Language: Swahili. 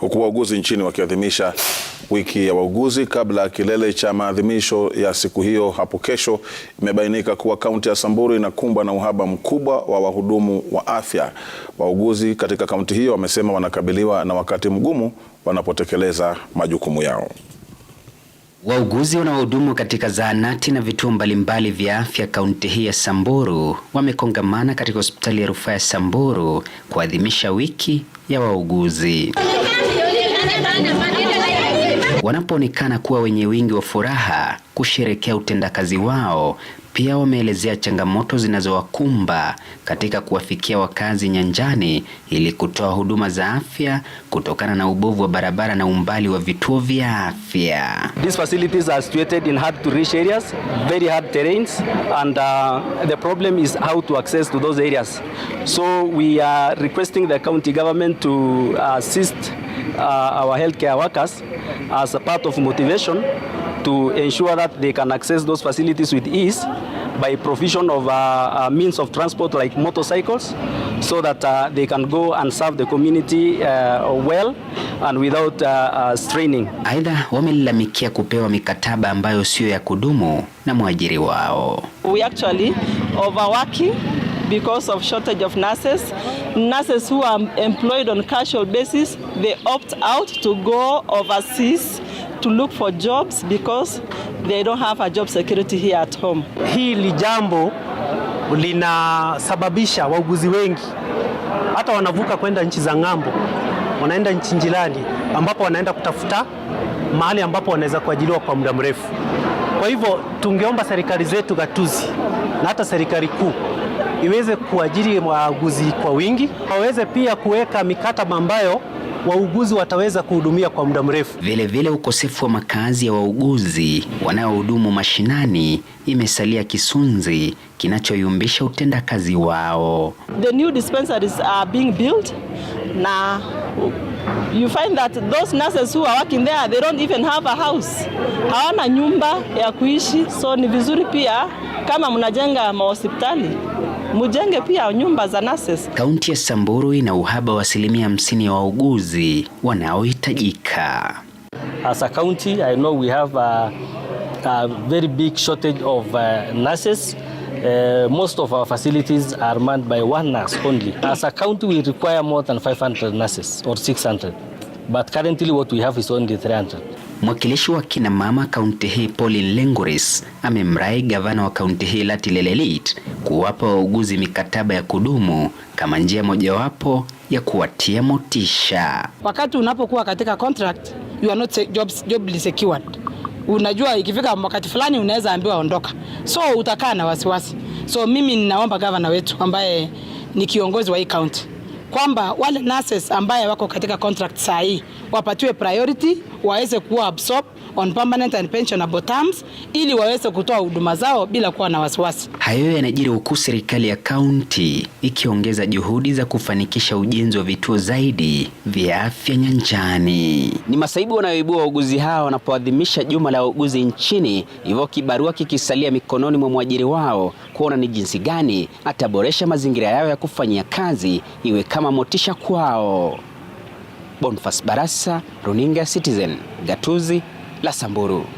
Huku wauguzi nchini wakiadhimisha wiki ya wauguzi kabla ya kilele cha maadhimisho ya siku hiyo hapo kesho, imebainika kuwa kaunti ya Samburu inakumbwa na uhaba mkubwa wa wahudumu wa afya. Wauguzi katika kaunti hiyo wamesema wanakabiliwa na wakati mgumu wanapotekeleza majukumu yao. Wauguzi wanaohudumu katika zahanati na vituo mbalimbali vya afya kaunti hii ya Samburu wamekongamana katika hospitali ya rufaa ya Samburu kuadhimisha wiki ya wauguzi. Wanapoonekana kuwa wenye wingi wa furaha kusherekea utendakazi wao, pia wameelezea changamoto zinazowakumba katika kuwafikia wakazi nyanjani ili kutoa huduma za afya kutokana na ubovu wa barabara na umbali wa vituo vya afya. These facilities are situated in hard to reach areas, very hard terrains and uh, the problem is how to access to those areas. So we are requesting the county government to uh, assist uh, our healthcare workers as a part of motivation to ensure that they can access those facilities with ease by provision of uh, uh, means of transport like motorcycles so that uh, they can go and serve the community uh, well and without uh, uh, straining. Aidha, wamelalamikia kupewa mikataba ambayo sio ya kudumu na mwajiri wao. We actually overworking because of shortage of nurses. Nurses who are employed on casual basis, they opt out to go overseas to look for jobs because they don't have a job security here at home. Hili jambo linasababisha wauguzi wengi hata wanavuka kwenda nchi za ng'ambo, wanaenda nchi jirani ambapo wanaenda kutafuta mahali ambapo wanaweza kuajiliwa kwa muda mrefu. Kwa hivyo tungeomba serikali zetu gatuzi na hata serikali kuu iweze kuajiri wauguzi kwa wingi, waweze pia kuweka mikataba ambayo wauguzi wataweza kuhudumia kwa muda mrefu. Vilevile, ukosefu wa makazi ya wauguzi wanaohudumu mashinani imesalia kisunzi kinachoyumbisha utendakazi wao. The new dispensaries are being built na you find that those nurses who are working there they don't even have a house, hawana nyumba ya kuishi. So ni vizuri pia kama mnajenga mahospitali mujenge pia nyumba za nurses. Kaunti ya Samburu ina uhaba wa asilimia 50 ya wauguzi wanaohitajika. As a county, I know we have a, a very big shortage of uh, nurses. Uh, most of our facilities are manned by one nurse only. As a county, we require more than 500 nurses or 600. But currently what we have is only 300. Mwakilishi wa kina mama kaunti hii Pauline Lenguris amemrai gavana wa kaunti hii Lati Lelelit kuwapa wauguzi mikataba ya kudumu kama njia mojawapo ya kuwatia motisha. Wakati unapokuwa katika contract, you are not jobs, job secured. Unajua ikifika wakati fulani unaweza ambiwa ondoka, so utakaa na wasiwasi. So mimi ninaomba gavana wetu ambaye ni kiongozi wa hii kaunti kwamba wale nurses ambaye wako katika contract saa hii wapatiwe priority, waweze kuwa absorb on permanent and pensionable terms ili waweze kutoa huduma zao bila kuwa na wasiwasi. Hayo yanajiri huku serikali ya kaunti ikiongeza juhudi za kufanikisha ujenzi wa vituo zaidi vya afya nyanjani. Ni masaibu wanayoibua wauguzi hawa wanapoadhimisha juma la wauguzi nchini, hivyo kibarua kikisalia mikononi mwa mwajiri wao kuona ni jinsi gani ataboresha mazingira yao ya kufanyia kazi iwe kama kama motisha kwao. Bonfas Barasa, Runinga Citizen, Gatuzi la Samburu.